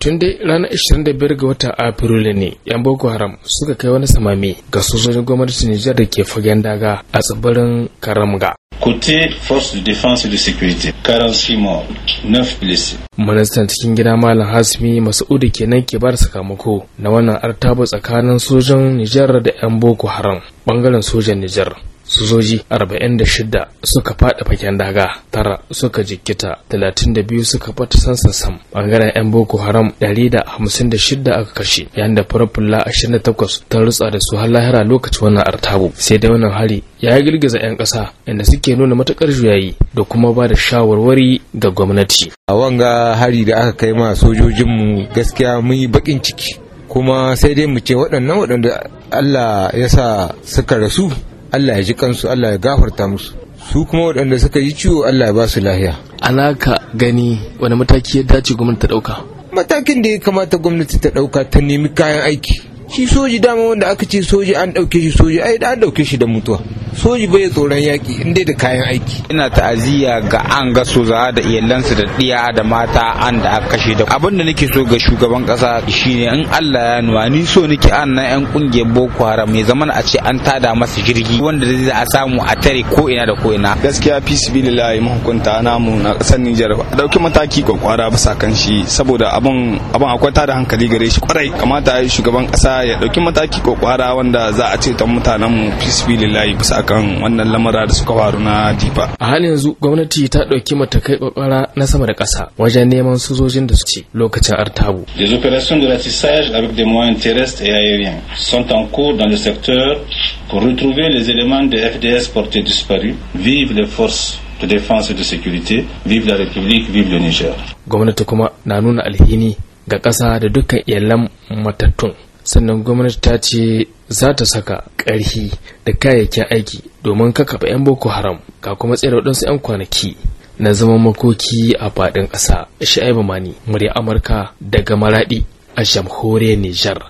tun dai ranar 25 ga watan afrilu ne yan boko haram suka kai wani samami ga sojojin gwamnatin nijar da ke fagen daga a tsibirin karamga Côté force de défense et de sécurité, 46 morts, 9 blessés. Ministan cikin gida Malam Hasmi Mas'udu kenan ke bar sakamako na wannan artabu tsakanin sojan Nijar da 'yan Boko Haram bangaren sojan Nijar. sojoji 46 suka fada faken daga tara suka jikita 32 suka fata sam. bangaren yan boko haram 156 aka kashe yayin da farfulla 28 ta rutsa da su har lahira lokacin wannan artabu sai dai wannan hari ya girgiza yan ƙasa inda suke nuna matukar juyayi da kuma ba da shawarwari ga gwamnati a wanga hari da aka kai ma sojojinmu gaskiya mun yi bakin ciki kuma sai dai mu ce waɗannan waɗanda Allah ya sa suka rasu Allah ya ji kansu Allah ya gafarta musu su kuma waɗanda suka yi ciwo Allah ya ba su lahiya ana gani wani mataki ya dace gwamnati ta ɗauka matakin da ya kamata gwamnati ta ɗauka ta nemi kayan aiki shi soji dama wanda aka ce soji an ɗauke shi soji ai da an ɗauke shi da mutuwa soji bai tsoron yaƙi in dai da kayan aiki ina ta'aziyya ga an ga soza da iyalansu da ɗiya da mata an da aka kashe da abin da nake so ga shugaban ƙasa shine in Allah ya nuna ni so nake an na yan kungiyar Boko Haram mai zaman a ce an tada masa jirgi wanda zai a samu a tare ko ina da ko ina gaskiya peace billahi mahukunta mu na ƙasar Nijar dauki mataki kwakwara bisa kan shi saboda abin abin akwai tada hankali gare shi kwarai kamata shugaban ƙasa ya dauki mataki kwakwara wanda za a ce ta mutanen mu peace billahi bisa akan wannan lamura da suka waru na difa a halin yanzu gwamnati ta ɗauki matakai kwakwara na sama da ƙasa wajen neman sojojin da su ci lokacin artabu les opérations de ratissage avec des moyens terrestres et aériens sont en cours dans le secteur pour retrouver les éléments de FDS portés disparus vive les forces de défense et de sécurité vive la République vive le Niger gwamnati kuma na nuna alhini ga ƙasa da dukkan iyalan matattun sannan gwamnati ta ce za ta saka ƙarfi da kayayyakin aiki domin kafa 'yan boko haram ga kuma tsere waɗansu 'yan kwanaki na zama makoki a faɗin ƙasa sha'ibu mani murya amurka daga maraɗi a jamhuriyar nijar